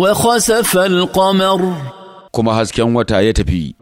وخسف القمر كما هزكن وتا آية يتفي